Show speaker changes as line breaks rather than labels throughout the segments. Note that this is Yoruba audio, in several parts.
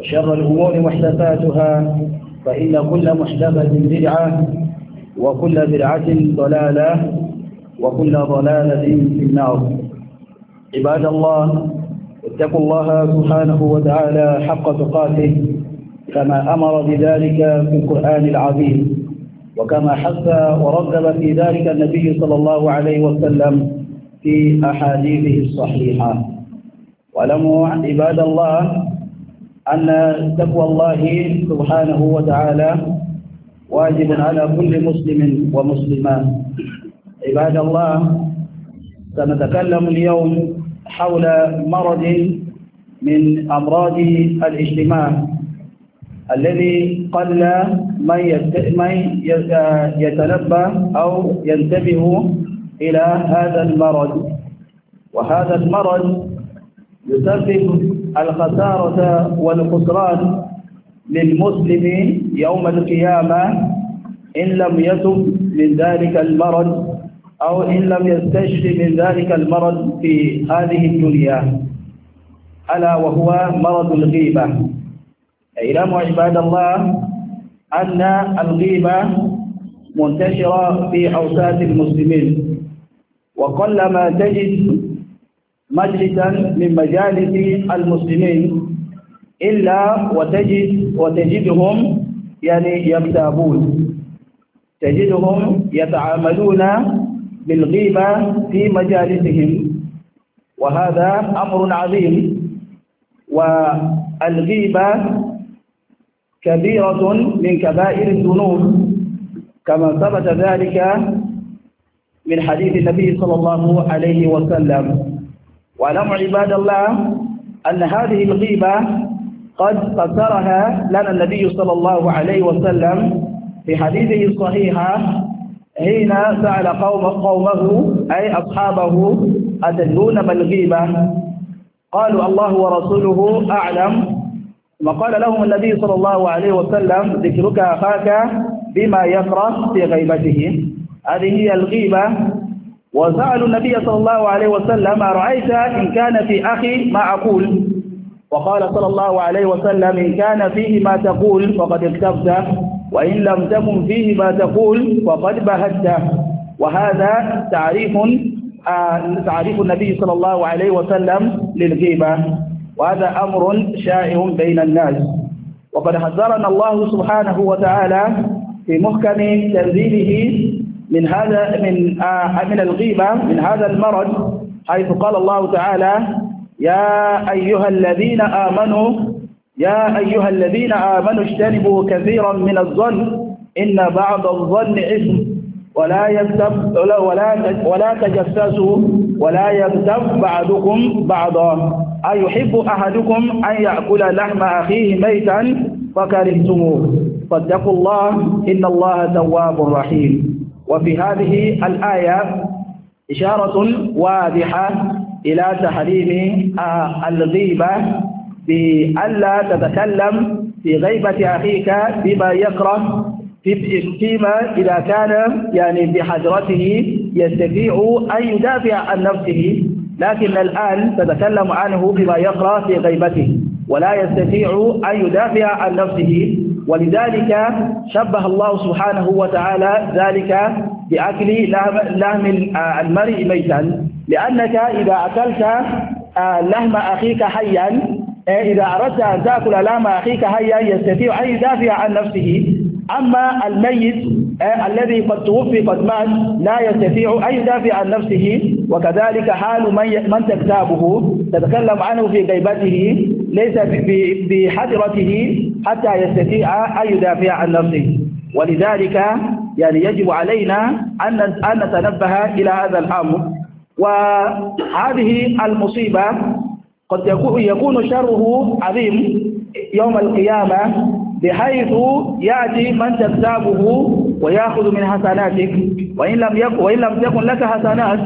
وشر الأمور محدثاتها فإن كل محدثة بدعة وكل بدعة ضلالة وكل ضلالة في النار عباد الله اتقوا الله سبحانه وتعالى حق تقاته كما أمر بذلك في القرآن العظيم وكما حث ورتب في ذلك النبي صلى الله عليه وسلم في أحاديثه الصحيحة ولموا عباد الله أن تقوى الله سبحانه وتعالى واجب على كل مسلم ومسلمة عباد الله سنتكلم اليوم حول مرض من أمراض الاجتماع الذي قل من يتنبه أو ينتبه إلى هذا المرض وهذا المرض يسبب الخسارة والخسران للمسلم يوم القيامة إن لم يتب من ذلك المرض أو إن لم يستشف من ذلك المرض في هذه الدنيا ألا وهو مرض الغيبة إعلام عباد الله أن الغيبة منتشرة في أوساط المسلمين وقلما تجد مجلسا من مجالس المسلمين إلا وتجد وتجدهم يعني يغتابون تجدهم يتعاملون بالغيبة في مجالسهم وهذا أمر عظيم والغيبة كبيرة من كبائر الذنوب كما ثبت ذلك من حديث النبي صلى الله عليه وسلم وعلموا عباد الله أن هذه الغيبة قد فسرها لنا النبي صلى الله عليه وسلم في حديثه الصحيحة حين سأل قوم قومه أي أصحابه أدلون ما الغيبة قالوا الله ورسوله أعلم وقال لهم النبي صلى الله عليه وسلم ذكرك أخاك بما يفرح في غيبته هذه هي الغيبة وسألوا النبي صلى الله عليه وسلم أرأيت إن كان في أخي ما أقول وقال صلى الله عليه وسلم إن كان فيه ما تقول فقد اكتبته وإن لم تكن فيه ما تقول فقد بهته وهذا تعريف آه، تعريف النبي صلى الله عليه وسلم للغيبة وهذا أمر شائع بين الناس وقد حذرنا الله سبحانه وتعالى في محكم تنزيله من هذا من آه من الغيبة من هذا المرض حيث قال الله تعالى يا أيها الذين آمنوا يا أيها الذين آمنوا اجتنبوا كثيرا من الظن إن بعض الظن إثم ولا يكتب ولا ولا, ولا تجسسوا ولا يكتب بعضكم بعضا أيحب أحدكم أن يأكل لحم أخيه ميتا فكرهتموه فاتقوا الله إن الله تواب رحيم وفي هذه الآية إشارة واضحة إلى تحريم آه، الغيبة بألا تتكلم في غيبة أخيك بما يكره فيما إذا كان يعني بحجرته يستطيع أن يدافع عن نفسه لكن الآن تتكلم عنه بما يقرأ في غيبته ولا يستطيع أن يدافع عن نفسه ولذلك شبه الله سبحانه وتعالى ذلك بأكل لهم آه، المرء ميتا لأنك إذا أكلت آه، لهم أخيك حيا آه، إذا أردت أن تأكل لهم أخيك حيا يستطيع أن يدافع عن نفسه أما الميت الذي قد توفي قد مات لا يستطيع أن يدافع عن نفسه وكذلك حال من من تكتابه تتكلم عنه في غيبته ليس بحذرته حتى يستطيع أن يدافع عن نفسه ولذلك يعني يجب علينا أن نتنبه إلى هذا الأمر وهذه المصيبة قد يكون شره عظيم يوم القيامة بحيث يأتي من تكتابه ويأخذ من حسناتك وإن لم, يكن وإن لم تكن لك حسنات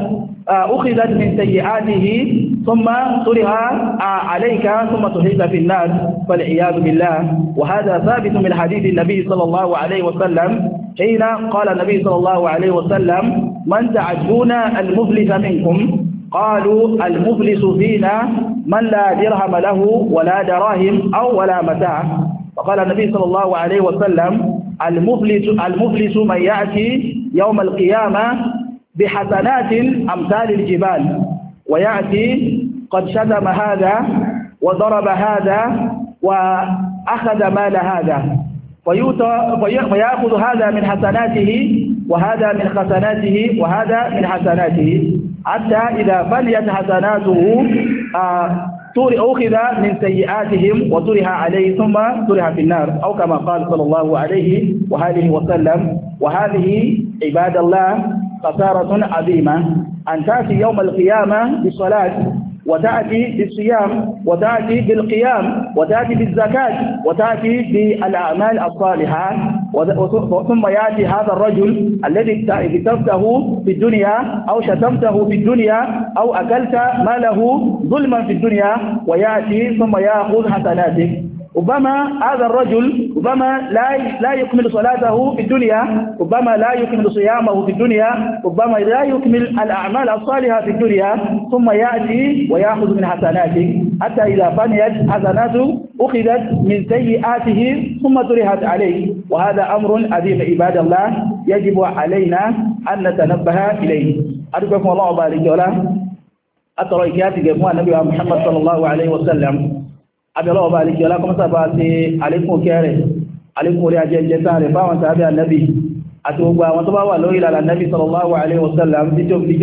آه، أخذت من سيئاته ثم طرها آه، عليك ثم تحيط في الناس فالعياذ بالله وهذا ثابت من حديث النبي صلى الله عليه وسلم حين قال النبي صلى الله عليه وسلم من تعجبون المفلس منكم قالوا المفلس فينا من لا درهم له ولا دراهم أو ولا متاع فقال النبي صلى الله عليه وسلم المفلس, المفلس من يأتي يوم القيامة بحسنات أمثال الجبال ويأتي قد شتم هذا وضرب هذا وأخذ مال هذا فيأخذ هذا من حسناته وهذا من حسناته وهذا من حسناته حتى إذا فليت حسناته آه، أخذ من سيئاتهم وترها عليه ثم ترها في النار أو كما قال صلى الله عليه وآله وسلم وهذه عباد الله خسارة عظيمة أن تأتي يوم القيامة بصلاة وتأتي بالصيام وتأتي بالقيام وتأتي بالزكاة وتأتي بالأعمال الصالحة ثم يأتي هذا الرجل الذي كتبته في الدنيا أو شتمته في الدنيا أو أكلت ماله ظلما في الدنيا ويأتي ثم يأخذ حسناتك ربما هذا الرجل ربما لا لا يكمل صلاته في الدنيا ربما لا يكمل صيامه في الدنيا ربما لا يكمل الأعمال الصالحة في الدنيا ثم يأتي ويأخذ من حسناته حتى إذا فنيت حسناته أخذت من سيئاته ثم طرحت عليه وهذا أمر عظيم عباد الله يجب علينا أن نتنبه إليه أرجوكم الله وبارك الله أترى جموع النبي محمد صلى الله عليه وسلم abẹ́lọ́ ọba alikẹ́ ọlákọ́mọ́sá bá ti alékún kẹrẹ̀ alékún orí ajẹ́jẹta rẹ̀ fáwọn tàbí ànábì àti gbogbo àwọn tó bá wà lórí ìlànà ànábì sallallahu alaihi wasallam tí tó fi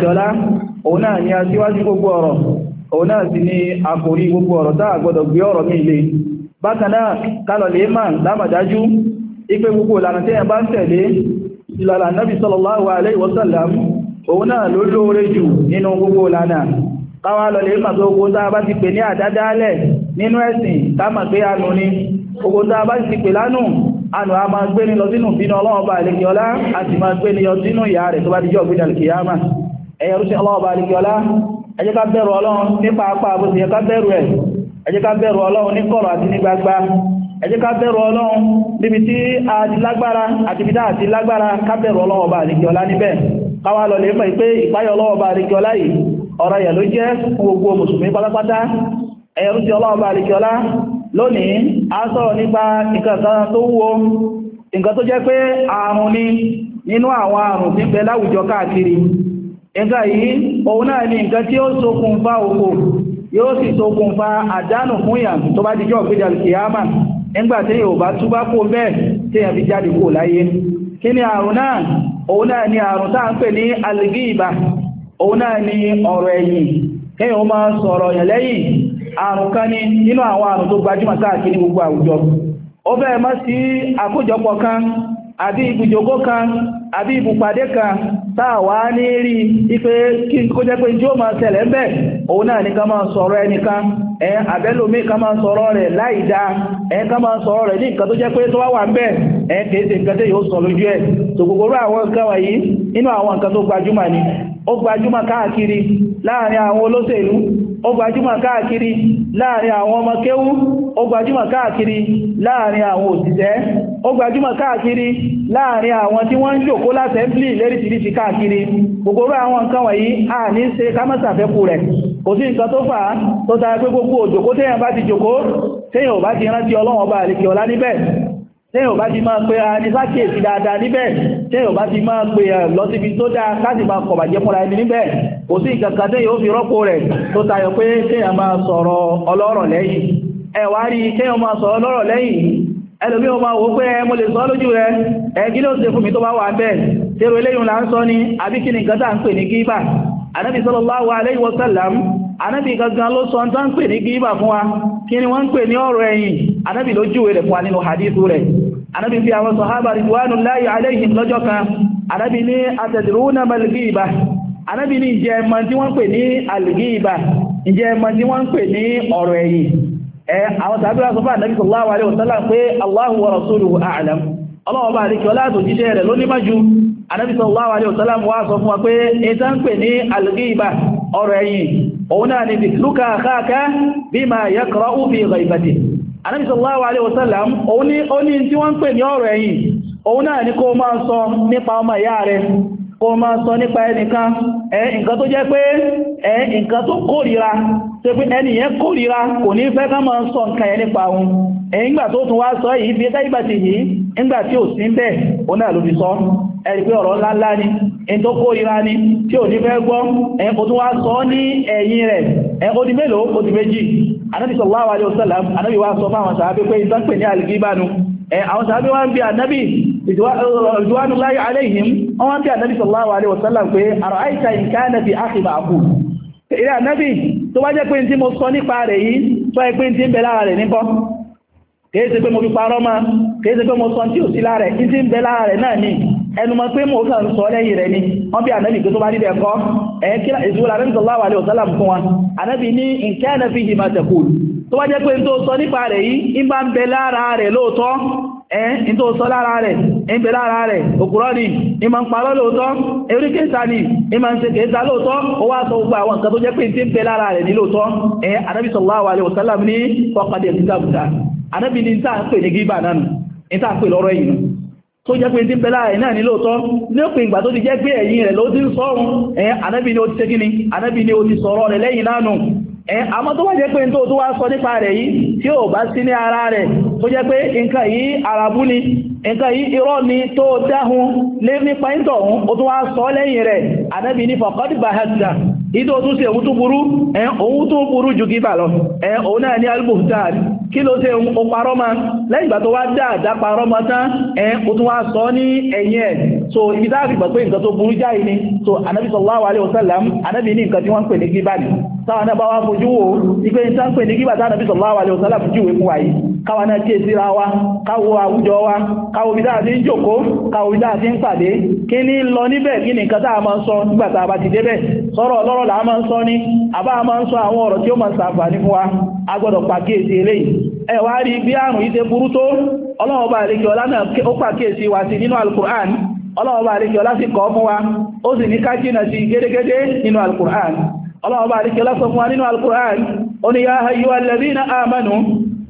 jẹ́ òun náà ni aṣíwájú gbogbo ọ̀rọ̀ gbogbo ọ̀rọ̀ tá a gbé ọ̀rọ̀ mi lé bákan kálọ̀ lè máa lámàdájú ipe gbogbo ìlànà tí ẹ bá ń tẹ̀lé ìlànà nábi sallallahu alaihi wasallam òun náà ló lóore jù nínú gbogbo ìlànà káwà lọ lè màtó ogun tá a bá ti pè ní àdádálẹ̀ nínú ẹ̀sìn ká mà pé anù ni ogun tá a bá ti pè lánù anù a máa gbé ní lọ sínú bínú ọlọ́ọ̀bà àlekíọlá ẹ jẹ́ ká bẹ̀rù ọlọ́run níbi tí a ti lágbára àti ibi dáa ti lágbára ká bẹ̀rù ọlọ́run ọba àríkíọlá níbẹ̀ káwà lọ lè mọ̀ pé ìpáyọ̀ ọlọ́run ọba àríkíọlá yìí ọ̀rọ̀ yẹ̀ ló jẹ́ fún gbogbo mùsùlùmí pátápátá ẹ̀rù ti ọlọ́run ọba àríkíọlá lónìí a sọ̀rọ̀ nípa nǹkan kan tó wúwo ni nínú àwọn àrùn tí ń bẹ láwùjọ káàkiri nǹkan yìí òun nígbàtí yóò bá túbá kó bẹ́ẹ̀ tí yẹn fi jáde kó láyé kí ni àrùn náà òun náà ni àrùn táà ń pè ní alìgíìbà òun náà ni ọ̀rọ̀ ẹ̀yìn kí yóò máa sọ̀rọ̀ yẹn lẹ́yìn àrùn kan ní nínú àwọn àrùn tó gbajúmọ̀ káàkiri gbogbo àwùjọ ó bẹ́ẹ̀ sí àbí ibùjòkó kan àbí ibùpàdé kan táà wá ní rí ipé kí kó jẹ́ pé jí ó máa ṣẹlẹ̀ ń bẹ̀ òun náà ní ká máa sọ̀rọ̀ ẹnìkan ẹ àbẹ́lòmí ká máa sọ̀rọ̀ rẹ̀ láìda ẹ ká máa sọ̀rọ̀ rẹ̀ ní nǹkan tó jẹ́ pé tó wà ń bẹ̀ ẹ kèése ó gbajúmọ̀ káàkiri láàrin àwọn olóṣèlú ó gbajúmọ̀ káàkiri láàrin àwọn ọmọ ó gbajúmọ̀ káàkiri láàrin àwọn òṣìṣẹ́ ó gbajúmọ̀ káàkiri láàrin àwọn tí wọ́n ń jòkó lásẹ̀mblì léríṣìíríṣìí káàkiri gbogbo àwọn nǹkan wọ̀nyí a ní ṣe kámọ́sàfẹ́kù rẹ̀ kò sí nǹkan tó fà á gbogbo òjòkó téèyàn bá ti jòkó téèyàn ò bá ọba níbẹ̀ téèyàn ò bá ti máa pé a ní dáadáa tẹ́yọ̀ bá ti máa pè ẹ̀ lọ síbi tó dáa láti máa kọ̀bàjẹ́ fúnra ẹni níbẹ̀ kò sí ìkàkà tẹ́yọ̀ ó fi rọ́pò rẹ̀ tó tayọ pé tẹ́yọ̀ máa sọ̀rọ̀ ọlọ́rọ̀ lẹ́yìn ẹ̀wà rí tẹ́yọ̀ máa sọ̀rọ̀ ọlọ́rọ̀ lẹ́yìn ẹlòmí ọmọ mo lè sọ lójú rẹ ló ṣe fún mi tó bá wà bẹ́ẹ̀ tẹ́rọ eléyìn là ń sọ àbí kí ni nǹkan tá à ń pè ní gíbà anábì anábì kí ni wọ́n ń pè ní anábì ló júwe fún anábi fi àwọn sọ̀hábà rìwánù láyé aléhìn lọ́jọ́ kan anábi ní àtẹ̀dìrúnà malgíba anábi ní ìjẹ ẹmọ tí wọ́n pè ní algíba ìjẹ ẹmọ tí wọ́n pè ní ọ̀rọ̀ ẹ̀yìn ẹ àwọn sàábíwá sọ fún anábi sallallahu alaihi wasallam pé Allahu wa rasuluhu a'lam ọlọ́wọ́ bá rí kí ọlá àtòjíṣẹ́ rẹ̀ ló nímájú anábi sallallahu Ànábì sallallahu alaihi wasallam òun ní ó ní tí wọ́n ń pè ní ọ̀rọ̀ ẹ̀yìn òun náà ní kó máa sọ nípa ọmọ ìyá rẹ̀ kó máa sọ nípa ẹnìkan ẹ̀ nǹkan tó jẹ́ pé ẹ̀ nǹkan tó kórìíra tó pé ẹnìyàn kórìíra kò ní fẹ́ ká máa sọ nǹkan ẹ̀ nípa òun ẹ̀ ńgbà tó tún wá sọ yìí bí ẹgbà ti yìí ńgbà tí ò sí bẹ́ẹ̀ òun náà ló fi sọ ẹ̀rì pé ọ̀rọ̀ ńláńlá ni ẹni tó kórìíra ni tí ò ní fẹ́ gbọ́ ẹ̀ kò tún wá sọ ní ẹ̀yìn rẹ̀ ẹ̀ ó di mélòó ó di méjì anábì sallallahu alaihi wasallam anábì wá sọ fáwọn sàábé pé ìtọ́pẹ̀ ní alìgbíbánu àwọn sàábé wá ń bí anábì ìdíwánúláyé aléhìm wọ́n wá ń bí anábì sallallahu alaihi wasallam pé àrọ̀áìta ìkánà fi ákìbà àkù ilẹ̀ anábì tó wá jẹ́ pé tí mo sọ nípa rẹ̀ yìí tó ẹ ẹnu mọ́ pé mọ́ kàn sọ lẹ́yìn rẹ̀ ni wọ́n bí ànábì tó tó bá nílẹ̀ ẹ̀kọ́ ẹ̀kíra ìṣúra rẹ̀ sallallahu alaihi wasallam fún wa ànábì ní in kana fihi ma taqul tó bá jẹ́ pé tó sọ nípa rẹ̀ yìí in bá ń bẹ lára rẹ̀ lóòótọ́ ẹ̀yìn tó sọ lára rẹ̀ ń bẹ lára rẹ̀ òkúrọ́ ni ìmọ̀ ń parọ́ lóòótọ́ erí kéta ni ìmọ̀ ń ṣe kéta lóòótọ́ ó wá sọ gbogbo àwọn nǹkan tó jẹ́ pé tí ń bẹ lára rẹ̀ ní lóòótọ́ ẹ̀ ànábì sallallahu alaihi wasallam ní faqad ìtìtàbùtà ànábì ní ìta pè ní gíbà náà ìta pè lọ́rọ̀ ẹ̀yìn tó jẹ́ pé tí bẹ́lá ẹ̀ náà ní lóòtọ́ ní òpin ìgbà tó ti jẹ́ pé ẹ̀yìn rẹ̀ ló ti ń sọ́run ẹ̀ anábì ni ó ti tẹ́kíní anábì ni ó ti sọ̀rọ̀ rẹ̀ lẹ́yìn lánàá ẹ̀ àmọ́ tó wá jẹ́ pé tó tó wá sọ nípa rẹ̀ yìí tí ó bá sí ní ara rẹ̀ tó jẹ́ pé nǹkan yìí àràbú ni nǹkan yìí irọ́ ni tó dáhun lé nípa ìtọ̀hún ó tó wá sọ lẹ́yìn rẹ̀ anábì ni fọ̀kọ́dìbà hẹ́tìdà ìdó tó ṣe òun tó burú ẹ òun tó burú jù gíbà lọ ẹ òun náà ní albuhtan kí ló ṣe o parọ́ ma lẹ́yìn ìgbà tó wá dáadáa parọ́ ma tán ẹ o wá sọ ní ẹ̀yìn ẹ̀ so ibi tá a fi gbà pé nǹkan tó burú jáì ni so anabi sallallahu alaihi wasallam anabi ní nǹkan tí wọ́n ń pè ní gíbà ni táwọn náà bá wá fojú wo ìgbẹ́yìn káwa náà kí èsíra wa káwo àwùjọ wa káwo bí dáa ti ń jòkó káwo bí dáa ti ń pàdé kí ní lọ níbẹ̀ kí ní nǹkan tá a máa ń sọ nígbà tá a bá ti débẹ̀ sọ̀rọ̀ ọlọ́rọ̀ là á ń sọ ní àbá a ń sọ àwọn ọ̀rọ̀ tí ó máa ṣàǹfààní fún wa a gbọ́dọ̀ pàkíyèsí eléyìí ẹ wá rí bí àrùn yìí ṣe burú tó ọlọ́run ọba àlejò ọlá náà ó pàkíyèsí wa sí nínú alukur'an ọlọ́run ọba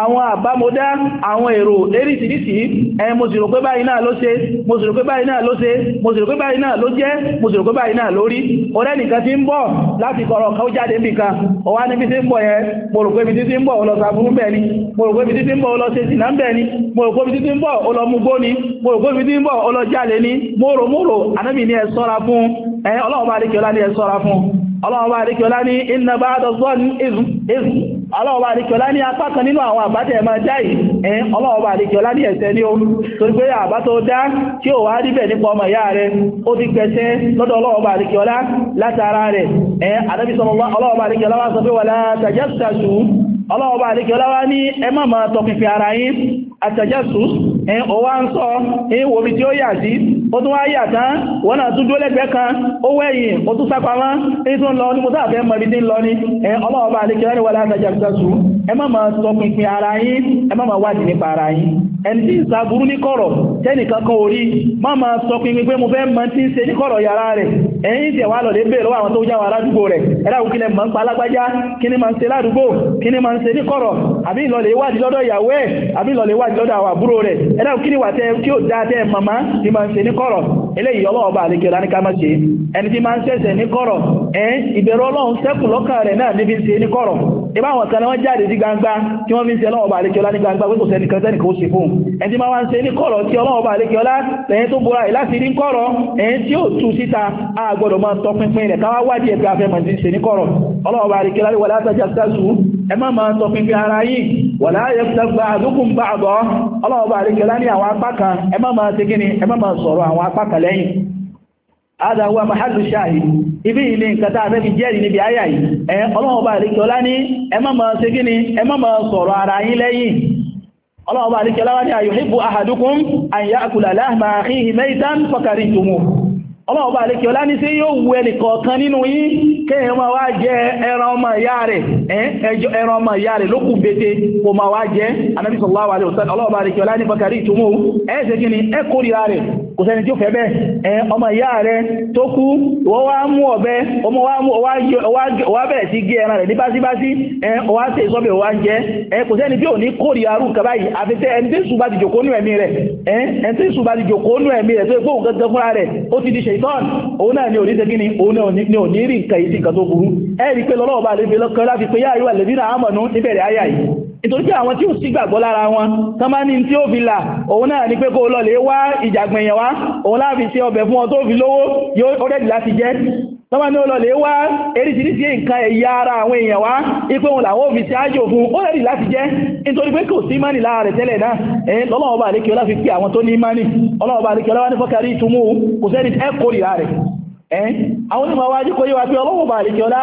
àwọn àbámọ́dá àwọn èrò lérísìírísìí ẹ mo sì rò pé báyìí náà ló ṣe mo sì rò pé báyìí náà ló ṣe mo sì rò pé báyìí náà ló jẹ́ mo sì rò pé báyìí náà ló rí ọ̀rẹ́ nìkan ti ń bọ̀ láti kọ̀rọ̀ kan ó jáde níbi kan ó wá níbi tí ń bọ̀ yẹn mo ibi tí ń bọ̀ ó ni mo rò fún ọlọ́ọ̀bá àríkẹ́ọlá ní iná bá dọ̀zọ́ ní ìzù ọlọ́ọ̀bá àríkẹ́ọlá ní apá kan nínú àwọn àbátẹ̀ máa jáì ẹ̀yìn ọlọ́ọ̀bá àríkẹ́ọlá ní ẹ̀ṣẹ̀ ní ohun torí pé àbá tó dá tí ó wá rí bẹ̀ nípa ọmọ ìyá rẹ̀ ó ti pẹ̀ṣẹ̀ lọ́dọ̀ ọlọ́ọ̀bá àríkẹ́ọlá látara rẹ̀ ọwá ń sọ ìwò omi tí ó yà sí ó tún wá yà tán wọ́n náà tún dólẹ́gbẹ́ kan ó wẹ́yìn ó tún sápamọ́ tún lọ ní mo mọ̀ ibi tí ń lọ ní ni wọ́n ẹ má sọ pinpin ara yín ẹ má ara yín ẹni tí ń sa burú ní kọ̀rọ̀ má sọ pinpin pé mo fẹ́ mọ̀ tí ń ṣe ní kọ̀rọ̀ yàrá rẹ̀ bèèrè lọ́wọ́ àwọn tó aládùúgbò rẹ̀ mọ̀ ń pa alágbájá kí ni máa ń ṣe ládùúgbò kí ni máa ń ṣe ní kọ̀rọ̀ ẹ̀dá òkìrí wà tẹ́ tí ó dá tẹ́ màmá tí máa ń ṣe ní kọ̀rọ̀ eléyìí ọlọ́ọ̀bá àlekè lá ní ká máa ṣe ẹni tí máa ń ṣẹ̀ṣẹ̀ ní kọ̀rọ̀ ẹ̀ ìbẹ̀rù ọlọ́run sẹ́kù lọ́kàn rẹ̀ náà níbi ṣe ní kọ̀rọ̀ ìbá àwọn kan wọ́n jáde sí gbangba tí wọ́n fi ń ṣe ọlọ́ọ̀bá àlekè ọlá ní gbangba pé kò sẹ́ni kan sẹ́ni kò ṣe fún ẹni tí máa wá ń ṣe ní kọ̀rọ̀ tí ọlọ́ọ̀bá àlekè ọlá lẹ́yìn tó bora ìláti àríkẹ́lá ní àwọn apá kan ẹ má máa ṣe kíni ẹ má sọ̀rọ̀ àwọn apá kan lẹ́yìn هذا هو محل الشاهد ibi ilé nǹkan tá a fẹ́ fi jẹ́rìí níbi àyà yìí ẹ ọlọ́wọ́ bá àríkẹ́ọlá ní ẹ má máa ṣe kíni ẹ má máa sọ̀rọ̀ ara yín lẹ́yìn ọlọ́wọ́ bá àríkẹ́ọlá wá ní ayuhibbu ọlọ́ọ̀bá àlékẹ́ ọlá ní sí yóò wu ẹnìkọ̀ọ̀kan nínú yín kéèyàn máa wá jẹ ẹran ọmọ ìyá rẹ̀ ẹjọ́ ẹran ọmọ ìyá rẹ̀ lókùn bété kò máa wá jẹ anábìsọ̀lá wà kò sẹ́ni tí ó fẹ́ bẹ́ẹ̀ ẹ ọmọ ìyá rẹ tó kú wọ́n wá mú ọ̀bẹ ọmọ wá mú ọwá bẹ̀rẹ̀ sí gé ẹran rẹ̀ ní básíbásí ẹ ọwá tẹ ìsọ́bẹ̀ ọwá ń jẹ ẹ kò sẹ́ni tí ò ní kórì arú kaba yìí àfi tẹ ẹni tí sùn bá ti jòkó nú ẹ̀mí rẹ̀ ẹni tí sùn bá ti jòkó nú ẹ̀mí rẹ̀ tó yẹ kóhùn ni òní segin ni òun náà ni òní rí nǹkan yìí sí nǹkan tó burú ẹ rí i pé lọ́lọ́wọ́ bá lè fi nítorí pé àwọn tí ò sí gbàgbọ́ lára wọn tán ní tí ó fi là òun náà ni pé kó lọ lè wá ìjàgbẹ̀yàn wá òun láàfi ṣe ọbẹ̀ fún ọ tó fi lówó yóò rẹ̀dì láti jẹ́ tán bá ní ó lọ lè wá eríṣiríṣi nǹkan ẹ̀yà ara àwọn èèyàn wá ipé òun làwọn òfin sí ájò fún ó rẹ̀dì láti jẹ́ nítorí àwọn onímọ̀ wájú kó yíwa pé ọlọ́wọ̀ bàrí kí ọlá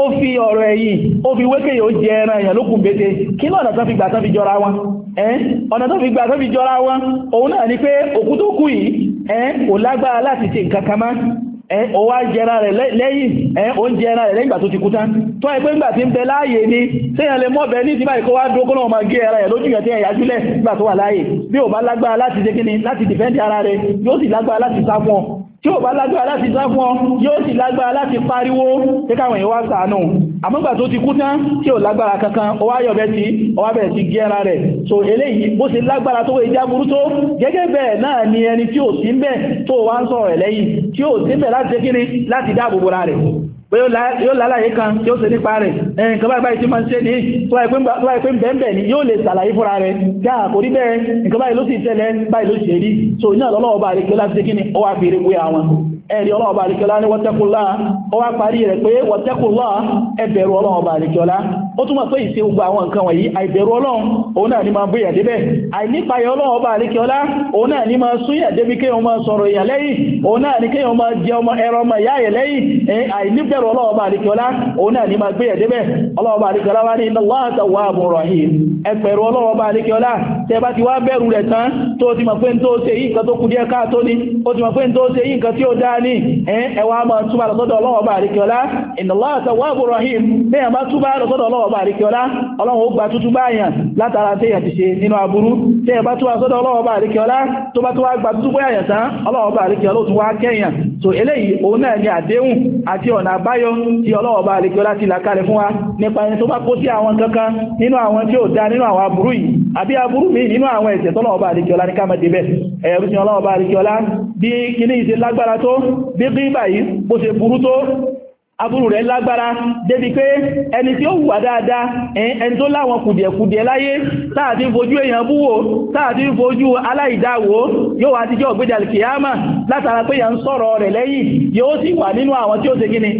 ó fi ọ̀rọ̀ ẹ̀yìn ó fi wékè yóò jẹ ẹran èèyàn lókùn bété kí ní ọ̀nà tó fi gbà fi jọra wọn ọ̀nà tó fi gbà fi jọra wọn òun náà ni pé òkú tó kú yìí kò lágbára láti ṣe nǹkan kan wá jẹra rẹ̀ lẹ́yìn ń jẹra rẹ̀ lẹ́yìn tó ti kú tán tó ẹ pé ńgbà tí ń bẹ láàyè ni lè mọ́ ní ti báyìí ara ẹ̀ lójú yẹn tó wà láàyè bí bá lágbára láti ṣe kíni láti tí ó bá lágbára láti dáfún yóò sì lágbára láti pariwo tí káwọn èèyàn wá ṣàánú àmọ́gbà tó ti kú tán tí ó lágbára kankan ó wá yọ̀bẹ̀ tí ó wá bẹ̀rẹ̀ sí gẹ́ra rẹ̀ so eléyìí bó ṣe lágbára tó ìjá burú tó gẹ́gẹ́ bẹ́ẹ̀ náà ni ẹni tí ó sí ń bẹ̀ tó wá ń sọ̀rọ̀ pé yóò lálàyé kan tí ó ṣe nípa rẹ̀ ẹ̀yìn kan báyìí tí máa ń ṣe ní tíwáìpín bẹ̀ẹ̀bẹ̀ ni yóò lè ṣàlàyé fúnra rẹ̀ dáa kò rí bẹ́ẹ̀ nǹkan báyìí ló sì tẹ́lẹ̀ báyìí ló ṣe rí so iná lọ́lọ́ọ̀bá rẹ̀ kí ó láti ṣe kí ni ó wà fi rí wé àwọn ẹ̀rí ọlọ́ọ̀bà àríkọlá ní wọ́tẹ́kùnlá ó wá parí rẹ̀ pé wọ́tẹ́kùnlá ẹbẹ̀rù ọlọ́ọ̀bà àríkọlá ó túnmọ̀ pé ìṣe gbogbo àwọn nǹkan wọ̀nyí àìbẹ̀rù ọlọ́run òun náà ni máa ń bóyà débẹ̀ àìnípayà ọlọ́ọ̀bà àríkọlá òun náà ni máa súnyà débi kéèyàn máa sọ̀rọ̀ èèyàn lẹ́yìn òun náà ni kéèyàn máa jẹ ọmọ ẹran ọmọ ìyá ẹ̀ lẹ́yìn àìníbẹ̀rù ọlọ́ọ̀bà àríkọlá òun náà ni máa gbéyà débẹ̀ ọlọ́ọ̀bà àríkọlá wá ní ẹwà máa túbà lọ́sọ́dọ̀ ọlọ́wọ́ bá àríkẹ́ọlá inna Allaha tawwabur rahim ní ẹ̀má túbà lọ́sọ́dọ̀ ọlọ́wọ́ bá àríkẹ́ọlá ọlọ́wọ́ ó gba báyàn látara tí èyàn ti ṣe nínú aburú tí ẹ bá tó wá sọ́dọ̀ ọlọ́ọ̀bá àríkẹ́ ọlá tó bá tó wá gbà tó pé àyàtá ọlọ́ọ̀bá àríkẹ́ ọlọ́tún wá kẹ́yàn so eléyìí òun náà ni àdéhùn àti ọ̀nà àbáyọ tí ọlọ́ọ̀bá àríkẹ́ ọlá ti làkalẹ̀ fún wa nípa ẹni tó bá kó sí àwọn kankan nínú àwọn tí ó dá nínú àwọn aburú yìí àbí aburú mi nínú àwọn ẹ̀ṣẹ̀ tọ́lọ̀ọ̀bá àríkẹ́ ọlá ní ká má débẹ̀ ẹ̀rù sí ọlọ́ọ̀bá àríkẹ́ ọlá bí kíní ìṣe lágbára tó bí bí báyìí bó ṣe burú tó aburú rẹ̀ lágbára débi pé ẹni tí ó wà dáadáa ẹni tó láwọn kùdìẹ̀kùdìẹ̀ láyé táà ti ń fojú èèyàn búwò táà ti ń fojú aláìdáwò yóò wá tíjọ́ ògbéjà kìíyàmà látara pé yàn ń sọ̀rọ̀ rẹ̀ lẹ́yìn yóò sì wà nínú àwọn tí ó ṣe gíní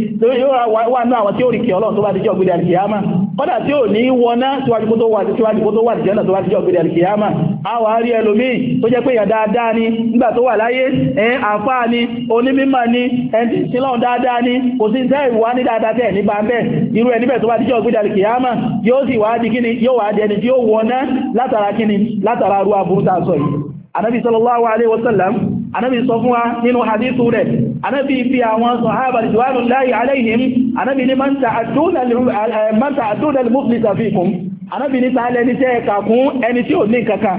yóò wà nínú àwọn tí ó rí kìíyàmà kọ́dà tí ò ní wọná síwájú kó tó wà tí síwájú kó tó wà ìjọ́nà tó wá tíjọ́ gbèrè alìkìyàmà a wà rí ẹlòmíì tó jẹ́ pé èèyàn dáadáa ni nígbà tó wà láyé ẹ̀yìn àfáà ni onímímọ̀ ni ẹni sílọ́n dáadáa ni kò sí tẹ́ ìwà ní dáadáa tẹ́ ní bàbẹ́ irú ẹni bẹ̀ tó wá tíjọ́ gbèrè alìkìyàmà yóò sì wá di kíni yóò wá di ẹni tí ó wọná látara kíni a sọ yìí Ànábì sallallahu anábi sọ fún wa nínú hadithu rẹ̀ anábi fi àwọn sọ̀hábà ìjọwàlù láyé aláìhìm anábi ni mọ́ta àdúnà lè mú anábi ni ta lẹni tẹ́ ẹ̀kà fún ẹni tí ò ní kankan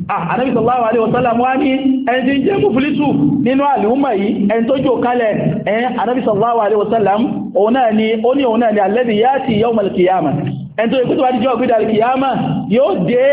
Ah, Ànábì sallallahu alaihi wasallam wá ní ẹni tí ń jẹ́ muflisu nínú àlùmọ̀ yìí ẹni tó jò kalẹ̀ ẹni Ànábì sallallahu alaihi wasallam òun ni ó ní òun náà ni alladhi yati yawmal qiyamah ẹni tó ikú tó wá díjọ́ ọ̀gbẹ́dẹ̀ alkiyama yóò dé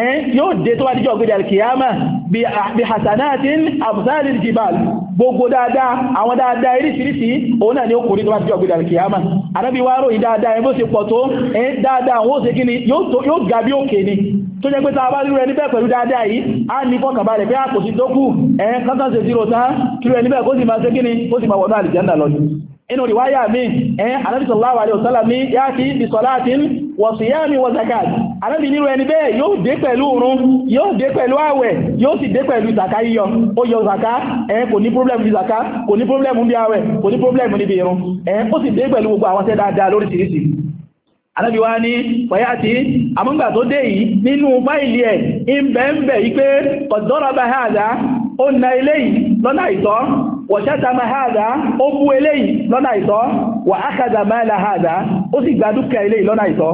ẹn yóò dé tó wá díjọ́ ọ̀gbẹ́dẹ̀ alkiyama bí ah, hasanatin amsali aljibal gbogbo dáadáa àwọn dáadáa irisirisi òun náà ni ó kùnrin tó wá díjọ́ ọ̀gbẹ́dẹ̀ alkiyama anábíwárò yìí dáadáa ẹgbó ti pọ̀ tó ẹn dáadáa àwọn ó ṣe kí ni yóò ga òkè ni tó jẹ́ pé ta bá rírẹ níbẹ̀ pẹ̀lú dáadáa yìí a ní fọ́kànbalẹ̀ pé àpò sí tó kù ẹ̀ẹ́ kankan ṣe zero tán kí rẹ níbẹ̀ kó sì máa ṣe kíni kó sì máa wọ̀nà àlìjẹ́ndà lọ inú ríwáyà mi ẹ̀ẹ́ Ànábì sallallahu alaihi wasallam ní yáàtí bi salatin wa siyami wa zakat Ànábì nírú ẹni bẹ́ẹ̀ yóò dé pẹ̀lú oorun yóò dé pẹ̀lú àwẹ̀ yóò sì dé problem bí zàká problem bí àwẹ̀ kò problem níbi irun ẹ̀ ó sì dé pẹ̀lú gbogbo àwọn tẹ́ dáadáa lóríṣiríṣi anábi wá ní pẹ̀yàtí àmúgbà tó dé yìí nínú fáìlì ẹ̀ ìbẹ̀ẹ̀bẹ̀ yí pé ọ̀dọ́rọ̀bà hàdá ó na eléyìí lọ́nà ìtọ́ wọ̀ṣátàmà hàdá ó bú eléyìí lọ́nà ìtọ́ wà ákàdà máàlá hàdá ó sì gbádùkà eléyìí lọ́nà ìtọ́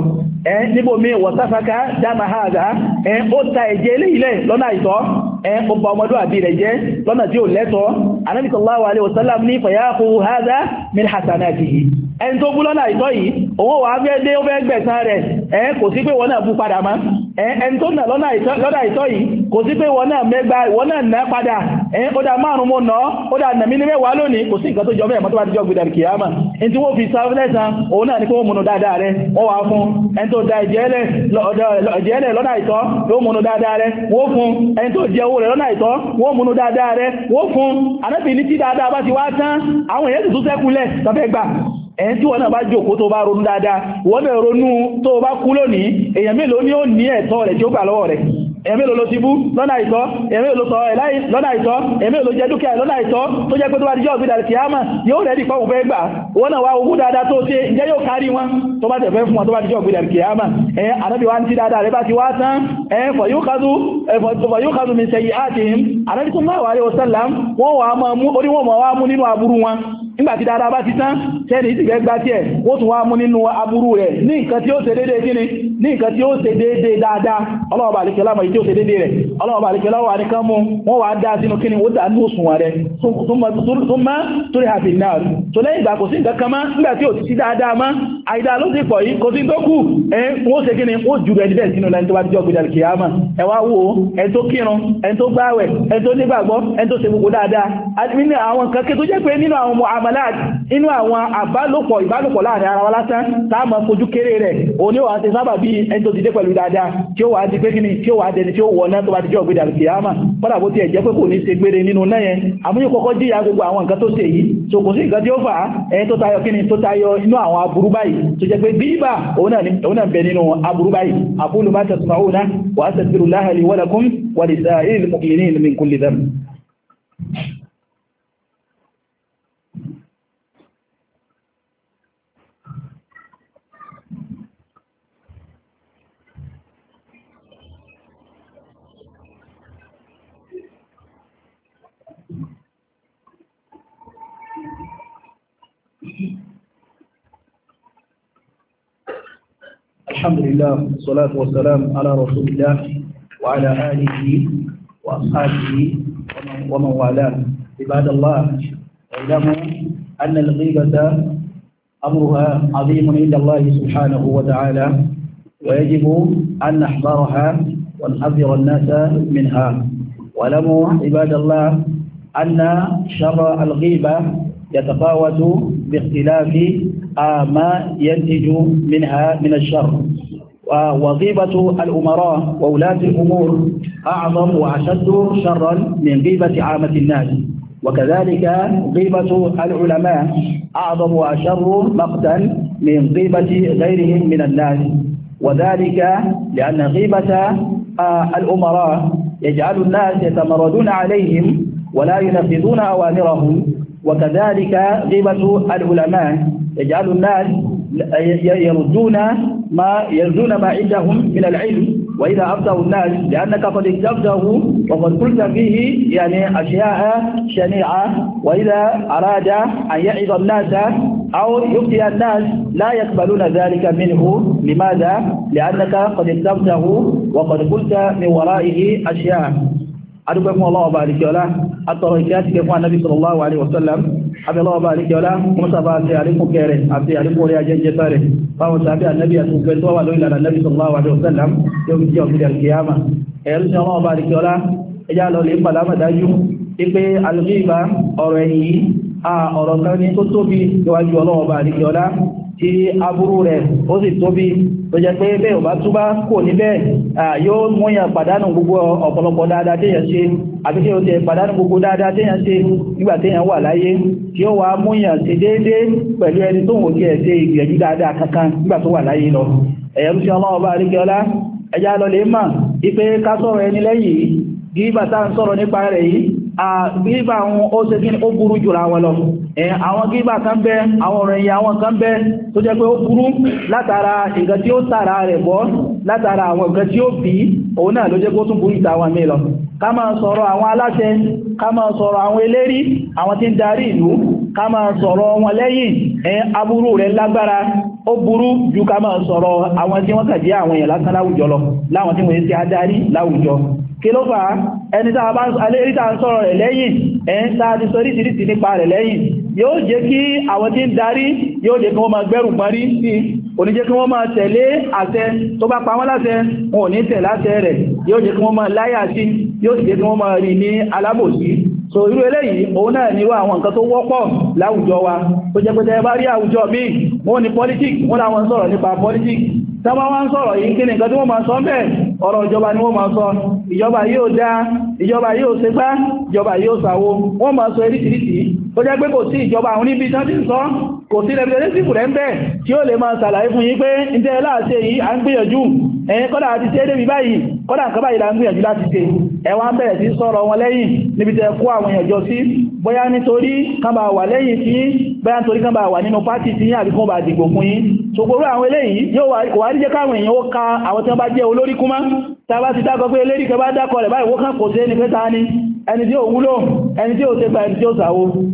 ẹ níbòmí wọ̀sáfàká dáma hàdá ẹ ó ta ẹ̀jẹ̀ eléyìí lẹ̀ lọ́nà ìtọ́ ọba ọmọdún àbí rẹ̀ jẹ́ lọ́nà tí ó lẹ́tọ̀ọ́ anábìsọ̀láwà alẹ́ wọ̀sálàm ní fàyàkù hádá min hasanatihi ẹni tó búlọ́lá ìtọ́ yìí òun wà fẹ́ dé ó fẹ́ gbẹ̀san rẹ̀ ẹ̀ kò sí pé wọ́n náà bú padà mọ́ ẹni tó nà lọ́nà ìtọ́ yìí kò sí pé wọ́n náà mẹ́gbà wọ́n náà ná padà ó dá márùn mọ́ náà ó dá nàmí ní mẹ́wàá lónìí kò sí nǹkan tó jọ bẹ́ẹ̀ mọ́tò bá ti jọ gbìdàrí kìyàmà ẹni tí wọ́n fi sáfẹ́lẹ́sàn òun náà ni kó múnú dáadáa rẹ̀ wọ́n wà fún ẹni tó da ìjẹ́lẹ̀ lọ́nà ìtọ́ yóò múnú dáadáa rẹ̀ wọ́n fún ẹni tó jẹ owó rẹ̀ lọ́nà ìtọ́ wọ́n múnú dáadáa rẹ̀ wọ́n fún anábìnrin tí dáadáa bá ti wá tán àwọn èèyàn sì tún sẹ́kúnlẹ̀ tọ́fẹ́ gbà ẹ̀yìn tí wọ́n náà bá jòkó tó bá ronú dáadáa wọ́n náà ronú tó bá kú lónìí èèyàn mélòó ni ó ní ẹ̀tọ́ rẹ̀ tí ó gbà lọ́wọ́ rẹ̀ ẹ̀mí ló ló ti bú lọ́nà àìtọ́ ẹ̀mí ló sọ ẹ̀láì lọ́nà àìtọ́ ẹ̀mí ló jẹ́ dúkìá lọ́nà àìtọ́ tó jẹ́ pé tó bá díjọ́ ọ̀gbìn dàrí kìáàmà yóò rẹ̀ dìpọ̀ òun fẹ́ gbà wọ́n náà wá ogún dáadáa tó ṣe ǹjẹ́ yóò kárí wọn tó bá tẹ̀fẹ́ fún wọn tó bá díjọ́ ọ̀gbìn dàrí kìáàmà ẹ̀ ànábì wá ń ti dáadáa rẹ̀ bá ti wá tán ẹ̀ fọ̀ yóò kádú ẹ̀fọ̀ yóò kádú mi sẹ́yìn áàtì ànábì tó máa wà rí ọ̀sẹ̀ làm nígbàtí dáadáa bá ti tán tẹ́ni ìsìnkẹ́ gbá tí ẹ̀ wó tún wá mú nínú aburú rẹ̀ ní nǹkan tí ó ṣe kíni ní nǹkan tí ó ṣe déédé dáadáa ọlọ́ọ̀bà àríkẹ́ lámọ̀ tí ó ṣe déédé rẹ̀ ọlọ́ọ̀bà àríkẹ́ láwọ̀ àríkán mú wọ́n wà dáa sínú kí ni ó dáa ní òṣùwọ̀n rẹ̀ tó má torí àfi náà tó lẹ́yìn ìgbà kò sí nǹkan kan má nígbà tí ò ti sí dáadáa ni ó jù rẹ̀ níbẹ̀ sínú lẹ́ni tó bá jọ gbé dàlùkì àmà ẹ wá wo ẹ tó kírun ẹ tó gbáwẹ̀ ẹ tó nígbàgbọ́ ẹ tó ṣe gbogbo dáadáa nínú àwọn nǹkan kí tó jẹ́ pé nínú àwọn muamalat inú àwọn àbálòpọ̀ ìbálòpọ̀ láàrin ara wa lásán táà mọ̀ fojú kéré ẹni tó ti dé pẹ̀lú dáadáa tí ó wà á di pé kíni tí ó wà á dẹni tí ó wọ̀ náà tó bá ti jọ ògbé dàrú kìyàmà bọ́dà bó ti ẹ̀jẹ́ pé kò ní ṣe gbére nínú náà yẹn àmúyẹ kọ́kọ́ jíyà gbogbo àwọn nǹkan tó ṣe yìí so kò sí nǹkan tí ó fà á ẹni tó tayọ kíni tó tayọ inú àwọn aburú báyìí tó jẹ́ pé bíbà òun náà bẹ nínú aburú báyìí aqulu ma tasma'una wa astaghfirullaha li wa lakum الحمد لله والصلاة والسلام على رسول الله وعلى آله وأصحابه ومن والاه عباد الله اعلموا أن الغيبة أمرها عظيم عند الله سبحانه وتعالى ويجب أن نحذرها ونحذر الناس منها واعلموا عباد الله أن شر الغيبة يتفاوت باختلاف ما ينتج منها من الشر وغيبة الأمراء وولاة الأمور أعظم وأشد شرا من غيبة عامة الناس وكذلك غيبة العلماء أعظم وأشر مقتا من غيبة غيرهم من الناس وذلك لأن غيبة آه، الأمراء يجعل الناس يتمردون عليهم ولا ينفذون أوامرهم وكذلك غيبة العلماء يجعل الناس يردون ما يردون ما عندهم من العلم وإذا أفتوا الناس لأنك قد اكتفته وقد قلت فيه يعني أشياء شنيعة وإذا أراد أن يعظ الناس أو يبدي الناس لا يقبلون ذلك منه لماذا؟ لأنك قد اكتفته وقد قلت من ورائه أشياء أدعوكم الله وبارك له التركات كفوا النبي صلى الله عليه وسلم abẹ́lọ́wọ́ bá àríkẹ́ ọlá wọ́n sábà àti àríkún kẹrẹ àti àríkún orí ajẹ́ jẹta rẹ̀ báwọn sàbí ànábì àti ògbẹ́ tó wà lórí ìlànà ànábì sallallahu alaihi wasallam yóò fi jẹ́ ọ̀gbẹ̀rẹ̀ kìyàmà ẹ̀rù sí ọlọ́wọ́ bá àríkẹ́ ọlá ẹjá lọ lè pàdámà dájú pípé tí aburú rẹ̀ ó sì tóbi tó jẹ́ pé bẹ́ẹ̀ ò bá túbá kò ní bẹ́ẹ̀ yóò múyàn pàdánù gbogbo ọ̀pọ̀lọpọ̀ dáadáa téèyàn ṣe àbí kí o tẹ pàdánù gbogbo dáadáa téèyàn ṣe nígbà téèyàn wà láyé tí ó wá múyàn ṣe déédéé pẹ̀lú ẹni tó wò jẹ́ ṣe ìgbìyànjú dáadáa kankan nígbà tó wà láyé lọ ẹ̀yẹ́rú sí ọlọ́wọ́ bá rí kíọlá ẹjá lọ lè mà ipe ká sọ̀rọ̀ ẹni lẹ́yìn bí bàtà ń sọ̀rọ̀ nípa rẹ̀ yìí gíbà wọn ó ṣe kí ó burú jùra wọn lọ àwọn gíbà kan bẹ àwọn ọ̀rọ̀ ìyà wọn kan bẹ tó jẹ́ pé ó burú látara nǹkan tí ó tààrà rẹ̀ bọ́ látara àwọn nǹkan tí ó bí òun náà ló jẹ́ kó tún burú ìtàwọn mi lọ ká máa sọ̀rọ̀ àwọn aláṣẹ ká máa sọ̀rọ̀ àwọn eléri àwọn tí ń darí ìlú ká máa sọ̀rọ̀ wọn lẹ́yìn ẹ aburú rẹ̀ lágbára ó burú ju ká máa sọ̀rọ̀ àwọn tí wọ́n kàjẹ́ àwọn èèyàn lásán láwùjọ lọ láwọn tí wọ́n ti adarí láwùjọ kí ló fà á ẹni tá a bá aléríta ń sọ̀rọ̀ rẹ̀ lẹ́yìn ẹ̀yìn tá a ti sọ kò ní jẹ́ kí wọ́n máa tẹ̀lé àṣẹ tó bá pa wọ́n láṣẹ wọn ò ní tẹ̀ láṣẹ rẹ̀ yóò jẹ́ kí wọ́n máa láyà sí yóò sì jẹ́ kí wọ́n máa rí ní alábòsí so irú eléyìí òun náà ní wá àwọn nǹkan tó wọ́pọ̀ láwùjọ wa tó jẹ́ pé tẹ́ bá rí àwùjọ míì wọ́n ní politics wọ́n láwọn sọ̀rọ̀ nípa politics tàbá wá ń sọ̀rọ̀ yìí kí ni nǹkan tí wọ́n máa sọ bẹ́ẹ̀ ọ̀rọ̀ ìjọba ni wọ́n máa sọ ìjọba yóò dá ìjọba yóò ṣe gbá ìjọba yóò sàwó wọ́n máa sọ eríṣiríṣi tó jẹ́ pé kò sí ìjọba àwọn níbi tán ti ń sọ kò sí rẹpẹtẹsífù rẹ̀ ń bẹ̀ tí ó lè máa ṣàlàyé fún yín pé ń láàṣẹ yìí à ń gbìyànjú ẹ̀yìn kọ́dà àti tí édèmí báyìí kọ́dà nǹkan báyìí la ń gbìyànjú láti ṣe ẹwà ń bẹ̀rẹ̀ sí sọ̀rọ̀ wọn lẹ́yìn níbi tẹ́ kó àwọn èèyàn jọ sí bóyá nítorí kan bá wà lẹ́yìn tí báyá torí kan bá wà nínú pátì tí yí àbíkún bá dìgbò fún yín ṣògbòrò àwọn eléyìí yóò wà ní jẹ́ káwọn èèyàn ó ka àwọn tí wọ́n bá jẹ́ olórí kúmá tàbá ti dákọ pé eléri kẹ bá dákọ rẹ̀ báyìí wó kò sí ẹni pé ni ẹni tí ó wúlò ẹni tí ó ṣe gba ẹni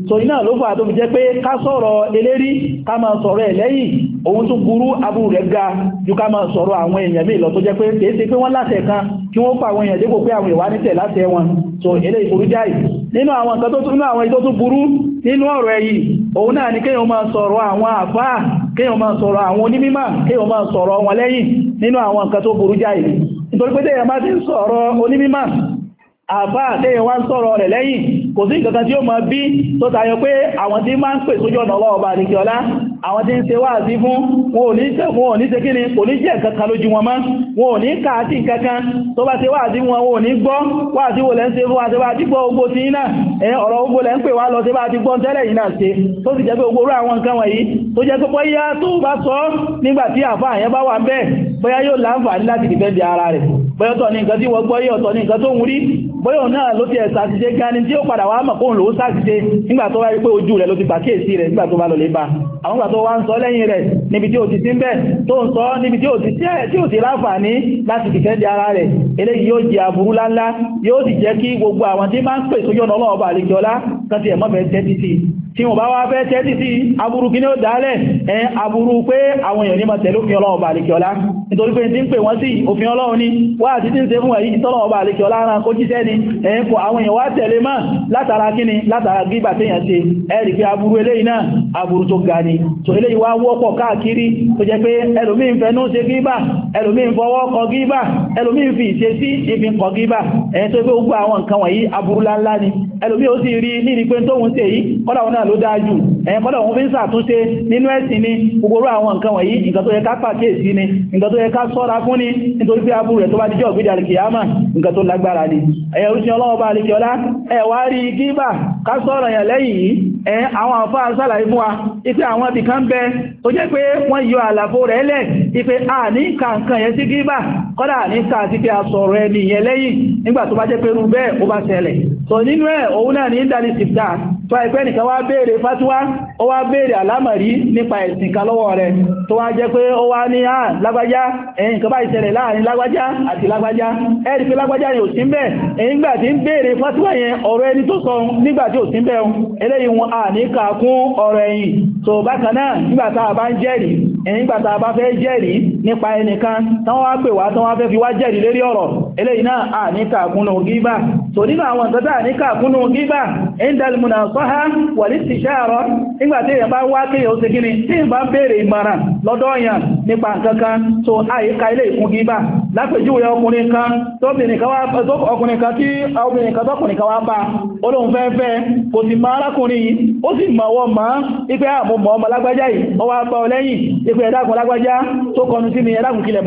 so iná ló fà tó fi jẹ́ pé ká sọ̀rọ̀ eléri ká máa sọ̀rọ̀ ẹ̀ lẹ́yìn òun tún burú aburú rẹ̀ ga ju ká máa sọ̀rọ̀ àwọn èèyàn míì lọ tó jẹ́ pé kèése pé wọ́n láṣẹ kan so eléyìí burú jáì nínú àwọn nǹkan tó tún nínú àwọn ìtọ́tún burú nínú ọ̀rọ̀ èyí òun náà ni kéèyàn máa sọ̀rọ̀ àwọn àfáà kéèyàn máa sọ̀rọ̀ àwọn onímímà kéèyàn máa sọ̀rọ̀ wọn lẹ́yìn nínú àwọn nǹkan tó burú jáì nítorí pé tẹ́yàn bá ti sọ̀rọ̀ onímímà àbá àtẹ́yẹ wá ń sọ̀rọ̀ rẹ̀ lẹ́yìn kò sí ìkọ̀kan tí ó máa bí tó tayọ pé àwọn tí máa ń pè sójú ọ̀nà ọlọ́ọ̀bá àríkẹ́ ọlá àwọn tí ń ṣe wá sí fún wọn ò ní tẹ̀kún ò ní ṣe kí ni kò ní jẹ́ kankan lójú wọn mọ́ wọn ò ní káàkì kankan tó bá ṣe wá sí wọn wọn ò ní gbọ́ wá sí wo lẹ́ ń ṣe fún wa ṣe bá ti gbọ́ ogbó ti iná ẹ̀ ọ̀rọ̀ ogbó lẹ́ ń pè wá lọ ṣe bá ti gbọ́ tẹ́lẹ̀ yìí náà ṣe tó sì jẹ́ pé ogbó rú àwọn nǹkan wọ̀nyí tó jẹ́ pé bóyá tó bá sọ nígbà tí àfáà yẹn bá wà bẹ́ẹ̀ bóyá yóò láǹfààní láti dìbẹ́ndì ara rẹ̀ bóyá ọ̀tọ̀ ní nǹkan tí wọ́n gbọ́ yóò ọ̀tọ̀ ní nǹkan tó ń rí bóyá náà ló ti ẹ̀sà ti ṣe gani tí ó padà wá mọ̀ kóhùn lòó sáàtìṣe nígbà tó wá rí pé ojú rẹ̀ ló ti pàkíyèsí rẹ̀ nígbà tó bá lọ lè bá àwọn ìgbà tó wá ń sọ lẹ́yìn rẹ̀ níbi tí ó ti sí ń bẹ̀ tó ń sọ níbi tí ó ti láǹfààní láti dìfẹ́ndì ara rẹ̀ eléyìí yóò jẹ aburú láńlá yóò sì jẹ́ kí gbogbo àwọn tí máa ń pè sójú ọ̀nà ọlọ́ọ̀bà àlejò ọlá kan ti ẹ̀mọ́bẹ̀ẹ́ tẹ́tí sí tí wọ́n bá wá fẹ́ tẹ́tí sí aburú kí ní ó dálẹ̀ ẹ aburú pé àwọn èèyàn ní ma tẹ̀lé òfin ọlọ́ọ̀bà àlekíọlá nítorí pé tí ń pè wọ́n sí òfin ọlọ́ọ̀ ni wá àti tí ń ṣe fún ẹ̀yí tọ́lọ̀ọ̀bà àlekíọlá ara kó jíṣẹ́ ni ẹ̀yìn kò àwọn èèyàn wá tẹ̀lé mọ́ látara kíni látara gbígbà téèyàn ṣe ẹ̀rì pé aburú eléyìí náà aburú tó ga ni tó eléyìí wá wọ́pọ̀ káàkiri tó jẹ́ pé ẹlòmíín fẹnu ṣe gíbà ẹlòmíín fọwọ́ kọ gíbà ẹlòmíín fi ìṣe sí ibi kọ gíbà ẹ̀yìn tó gbé gbogbo àwọn nǹkan wọ̀nyí aburú láńlá ni ẹlòmíín ó sì rí nídìí pé tóun ṣe yìí kọ́dà ló dájú ẹ̀kọ́dọ̀ òun fi ń sàtúnṣe nínú ẹ̀sìn ni gbogbo àwọn nǹkan wọ̀nyí nǹkan tó yẹ ká pàkíyèsí ni nǹkan tó yẹ ká sọ́ra fún ni nítorí pé aburú rẹ̀ tó bá dijọ́ ògbédà alìkìyàmà nǹkan tó lágbára ni ẹ̀yẹ̀ oríṣi ọlọ́wọ́ wa ipe àwọn ibì kan bẹ tó jẹ́ pé wọ́n yọ àlàfo rẹ̀ lẹ̀ ipe a ní ka nǹkan yẹn sí gíbà kọ́dà ní ká àti pé a sọ̀rọ̀ ẹni yẹn lẹ́yìn nígbà tó tó àìpẹ́ nìkan wá béèrè fátíwá ó wá béèrè àlámọ̀rí nípa ẹ̀sìn kan lọ́wọ́ rẹ̀ tó wá jẹ́ pé ó wá ní àà lágbájá ẹ̀yìn kan bá ìṣẹ̀lẹ̀ láàrin lágbájá àti lágbájá ẹ̀rí pé lágbájá ni ò sí bẹ́ ẹ̀yìn gbà tí ń béèrè fátíwá yẹn ọ̀rọ̀ ẹni tó sọ nígbà tí ò sí bẹ́ eléyìí wọn à ní kàkún ọ̀rọ̀ ẹ̀yìn tó bákan náà nígbà tá a bá ń jẹ́rìí ẹ̀yìn gbà tá a bá fẹ́ jẹ́rìí nípa ẹnìkan tán wá pè wá tán wá fẹ́ fi à ní kàkúnnù gíbà tó nínú àwọn nǹkan à ní kàkúnnù gíbà indal fọ́há wàlí ti ṣáàrọ̀ nígbàtí èyàn bá wá kí èyàn ó ti gíní tí ìbá bèèrè ìmọ̀ràn lọ́dọ̀ èyàn nípa nǹkankan tó àyíká ilé ìkún gíbà lápèjúwe ọkùnrin kan ọkùnrin kan tí obìnrin kan tọ́kùnrin kan wá bá olóhun fẹ́fẹ́ kò sì máa arákùnrin yìí ó sì mọ̀wọ́ mọ́ ipẹ́ àmúmọ̀ ọmọ lágbájá yìí ó wá gbọ́ lẹ́yìn ipẹ́ ẹ̀dàkùn lágbájá tó kọnu sí ni ẹ̀dàkùn kílẹ̀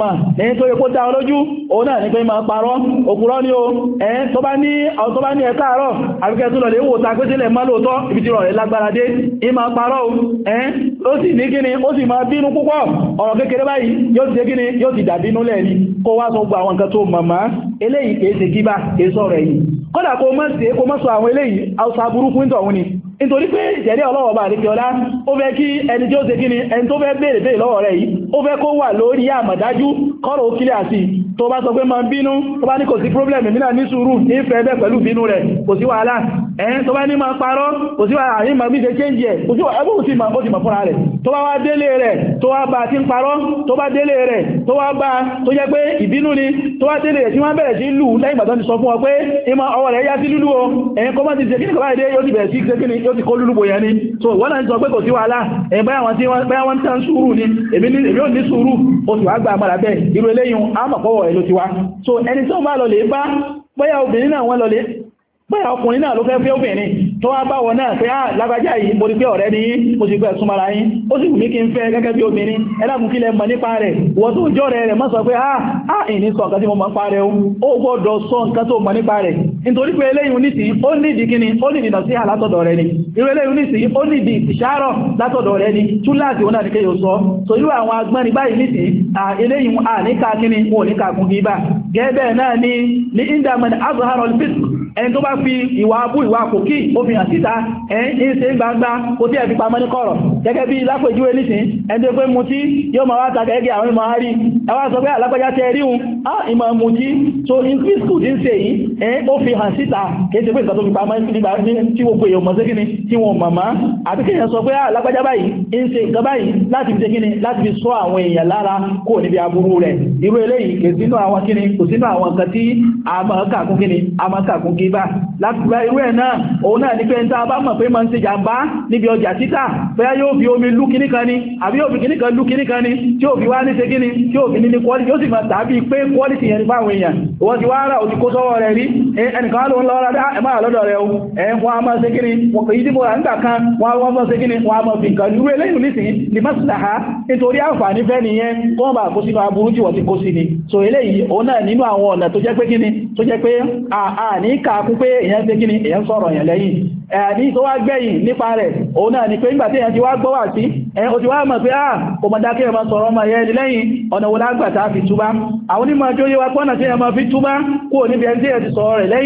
mọ̀ òun náà ní pé máa parọ́ òkúrọ́ ní o ẹ̀ẹ́ tó bá ní àwọn tó bá ní ẹ̀ká àárọ̀ àríkẹ́ tó lọ̀lẹ̀ wòta pé sílẹ̀ má lóòtọ́ ibi tí rọ̀lẹ̀ lágbára dé ní máa parọ́ ẹ̀ẹ́ ó sì ní kíni ó sì máa bínú púpọ̀ ọ̀rọ̀ kékeré báyìí yóò ti kíni yóò ti dàbínú lẹ́ni kó wá nítorí pé ìjẹ̀rẹ́ ọlọ́wọ̀ bá rí kí ọlá ó fẹ́ kí ẹni tí ó kí ni ẹni tó fẹ́ bèèrè bèèrè rẹ̀ yìí ó fẹ́ kó wà lórí kọ́rọ̀ àti ma ń bínú tó bá ní kò sí problem mìíràn ní sùúrù ní ẹgbẹ́ pẹ̀lú bínú rẹ̀ kò sí wàhálà ẹ̀yìn tó bá ma parọ́ kò sí wàhálà ma change ẹ̀ kò sí ẹgbẹ́ òsì ma fúnra rẹ̀ ni tó wá délé rẹ̀ tí wọ́n bẹ̀rẹ̀ sí lù lẹ́yìn ọ pé ìmọ̀ ọwọ́ rẹ̀ yá sí o ẹ̀yìn yóò ti kó lúlùbò yẹn ni so wọ́n náà ń sọ pé kò sí wàhálà ẹgbẹ́ àwọn tí wọ́n tán sùúrù ni èmi ò ní sùúrù oṣù àgbà àmàlà bẹ́ẹ̀ irú eléyìn àmọ̀pọ̀wọ̀ èlò tiwa so ẹni tó bá lọ lè bá bóyá obìnrin náà wọ́n lọ lè bóyá ọkùnrin náà ló fẹ́ fẹ́ obìnrin tó wá bá wọn náà pé á ah, lágbájá yìí mo rí pé ọ̀rẹ́ ní mo sì pẹ́ súnmọ́ra yín ó sì wù kí n fẹ́ gẹ́gẹ́ bí obìnrin ẹlẹ́kùn kílẹ̀ mọ̀ nípa rẹ̀ wọ́n tó jọ́ rẹ̀ rẹ̀ mọ́ sọ pé á ah, ah, ìní sọ nǹkan tí mo mọ̀ nípa rẹ̀ ó gbọ́dọ̀ sọ nǹkan tó mọ̀ nípa rẹ̀ nítorí pé eléyìn ní tí ó ní kíni ó ní ìdìnà sí àlátọ̀dọ̀ rẹ ni irú eléyìn ní tí ó ní ìdí ìṣàárọ̀ látọ̀dọ̀ rẹ ni túláàtì ó náà kéyò sọ sójú àwọn agbọ́nrin báyìí ní tí eléyìn àníkà kíni wọn ò ní kàkún bí bá gẹ́gẹ́ náà ni ní indaman azharol fisk ẹni tó bá fi ìwà abú ìwà kòkí òfin àtìta ẹni ṣe gbangba kò tí ẹ̀fí pamọ́ ní kọ̀rọ̀ gẹ́gẹ́ bí lápòjúwé nìsín ẹni tó pé mú tí yóò máa wá tàbí ẹgbẹ́ àwọn ìmọ̀ àárí ẹwà sọ pé alágbájá tẹ́ ríhun ah, ìmọ̀ mú tí so increase school ti ń fi hàn síta kìí ṣe pé ìsàtò fi pamọ́ nígbà tí gbogbo èèyàn mọ̀ sí kíni tí wọn mọ̀ mọ́ àti kí èèyàn sọ pé alágbájá ah, báyìí ń ṣe nǹkan báyìí láti fi ṣe kíni láti fi sọ àwọn èèyàn lára kó níbi aburú rẹ̀ irú eléyìí kìí sínú àwọn kíni kò sínú àwọn nǹkan tí a máa kàkún kíni a máa kàkún mọ̀ pé ni àbí yóò ni tí ò fi wá quality yóò sì máa tàbí pé quality yẹn ní ẹnìkan á lóun lọ́rọ̀ dá ẹ̀mọ́ àlọ́dọ̀ rẹ̀ o ẹ̀yìn wọn a máa ṣe kíni ìdíbò àǹgbà kan wọn wọ́n mọ́ ṣe kíni wọn a máa fi nǹkan irú eléyìn nísìn ní mọ́sílàá nítorí àǹfààní fẹ́ nìyẹn kó wọn bá kó sínú aburú tí wọ́n ti kó sí ni so eléyìí òun náà nínú àwọn ọ̀nà tó jẹ́ pé kíni tó jẹ́ pé àní kàákú pé èèyàn ṣe kíni èèyàn sọ̀rọ̀ yẹn lẹ́yìn ẹ̀ní tó wá gbẹ̀yìn nípa rẹ̀ òun náà ni pé nígbà tí èèyàn ti wá gbọ́ wà sí ẹ̀yìn o ti wá mọ̀ pé à kò mọ̀ dákẹ́ ọmọ sọ̀rọ̀ ọmọ yẹn lẹ́yìn ọ̀nà wo lágbàtà fi túbá àwọn onímọ̀ ajóyé wa pọ́nà tí èèyàn máa fi túbá kúrò níbi ẹni tí èèyàn ti sọ̀rọ̀ rẹ̀ lẹ́yìn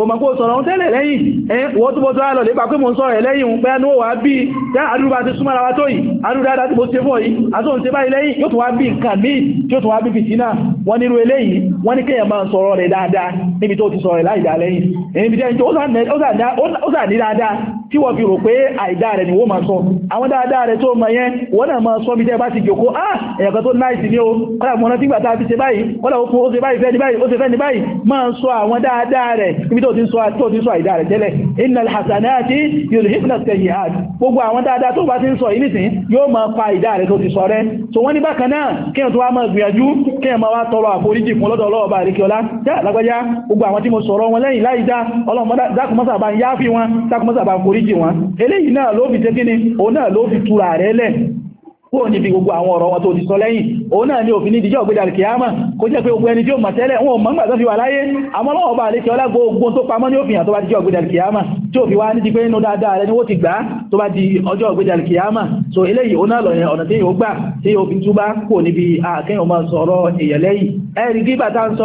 òmọ̀kó sọ̀rọ̀ ohun tẹ́lẹ̀ lẹ́yìn ẹ̀yìn wọ́n túbọ̀ tó àlọ̀ lépa pé mo ń sọ̀rọ̀ ẹ̀lẹ́yìn ohun pẹ́ẹ́nú wà bí i tẹ́ àdúrà ti súnmọ́ ara tó yìí àdúrà dáadáa tí mo ṣe fọ́ yìí àtúntò ṣe báyìí lẹ́yìn yóò tún wá bí nǹkan míì tí ó tún wá bí fìtínà wọ́n nírú eléyìí wọ́n ní kéèyàn máa sọ̀rọ̀ rẹ̀ dáadáa níbi tó ti sọ̀rọ̀ láìdá lẹ́yìn èyí jẹ́ ó sà ní dáadáa tí wọ́n fi rò pé àìdá rẹ̀ ni wọ́n máa sọ àwọn dáadáa rẹ̀ tó mọ̀ yẹn wọ́n náà máa sọ bí jẹ́ bá ti jòkó ah èyàn kan tó náìsì ní o kọ́lá mọ̀nà tí gbàtà fi ṣe báyìí kọ́lá ó fún ó ṣe báyìí tó ti sọ àìdá rẹ̀ tẹ́lẹ̀ innal hasanati yudhibna as-sayyi'at gbogbo àwọn dáadáa tó bá ti ń sọ yìí nìsín yóò máa pa àìdá rẹ̀ tó ti sọ rẹ̀ so wọ́n ní bákan náà kí ẹ̀ tó wá máa gbìyànjú kí ẹ̀ máa wá tọrọ àforíjì fún lọ́dọ̀ ọlọ́ọ̀bá àríkíọlá lágbájá gbogbo àwọn tí mo sọ̀rọ̀ wọn lẹ́yìn láìdá ọlọ́run dákùnmọ́sà bá ń yááfì wọn dákùnmọ́sà bá ń foríjì wọn eléyìí náà ló fi tẹ́kíní òun náà ló fi tura rẹ̀ lẹ̀ kúrò níbi gbogbo àwọn ọ̀rọ̀ wọn tó ti sọ lẹ́yìn òun náà ni òfin ní ìdíjọ́ ògbédà kìíyàmà kó jẹ́ pé gbogbo ẹni tí ó mọ̀ tẹ́lẹ̀ wọn ò mọ̀ nígbà tó fi wà láyé àmọ́ lọ́wọ́ bá àlékẹ́ ọlá gbogbo tó ni ó ti di ọjọ́ ògbédà kìíyàmà so eléyìí òun náà lọ yẹn ọ̀nà tí yóò gbà tí yóò fi túbá kò níbi àkẹ́yìn máa sọ̀rọ̀ èèyàn lẹ́yìn ẹ̀rí gbígbà tá ń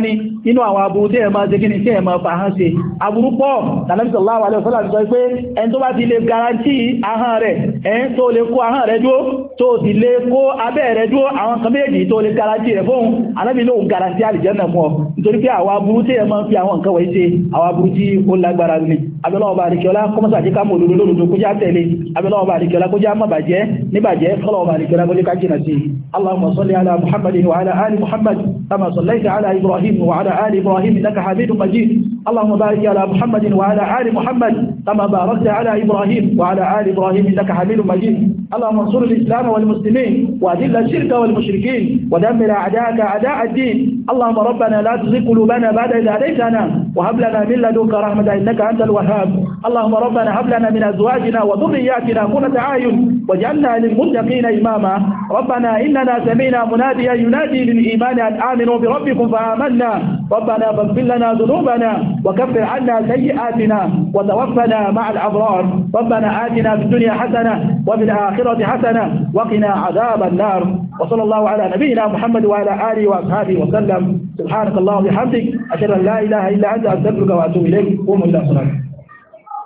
ni inú àwọn aburú tí ẹ̀ máa ṣe kíni tí ẹ̀ máa fà hàn ṣe aburú pọ̀ tàbí sọ̀lá wà lẹ́sọ̀lá sọ pé ẹni tó bá ti lè garanti ahọ́n rẹ̀ ẹ̀ tó lè kó ahọ́n rẹ̀ dúó tó ti lè kó abẹ́ rẹ̀ dúó àwọn kan méjì tó lè garanti rẹ̀ fóun anábì lóhun garanti àlìjẹ́nà fún ọ nítorí pé àwọn aburú tí ẹ máa ń fi àwọn nǹkan wẹ̀ ṣe àwọn aburú tí ó lágbára ni abẹ́lọ́wọ́ bá àríkẹ́ọlá kọ́mọ́sà jẹ́ ká mọ̀ lórí lórí kó já tẹ̀lé abẹ́lọ́wọ́ bá àríkẹ́ọlá kó já má bàjẹ́ níbàjẹ́ fọ́lọ́wọ́ bá àríkẹ́ọlá kó jẹ́ ká jìnà sí Allahumma salli ala Muhammadin wa ala ali Muhammad كما صليت على إبراهيم وعلى آل إبراهيم إنك حميد مجيد اللهم بارك على محمد وعلى آل محمد كما باركت على إبراهيم وعلى آل إبراهيم إنك حميد مجيد اللهم انصر الإسلام والمسلمين وأذل الشرك والمشركين ودمر أعداءك أعداء الدين اللهم ربنا لا تزغ قلوبنا بعد إذ هديتنا وهب لنا من لدنك رحمة إنك أنت الوهاب اللهم ربنا هب لنا من أزواجنا وذرياتنا قرة أعين واجعلنا للمتقين إماما ربنا إننا سمينا مناديا ينادي للإيمان أن آمنوا بربكم فآمنا ربنا فاغفر لنا ذنوبنا وكفر عنا سيئاتنا وتوفنا مع الأبرار ربنا آتنا في الدنيا حسنة وفي الآخرة حسنة وقنا عذاب النار وصلى الله على نبينا محمد وعلى آله وأصحابه وسلم سبحانك اللهم وبحمدك أشهد أن لا إله إلا أنت أستغفرك وأتوب إليك قوموا إلى صلاتكم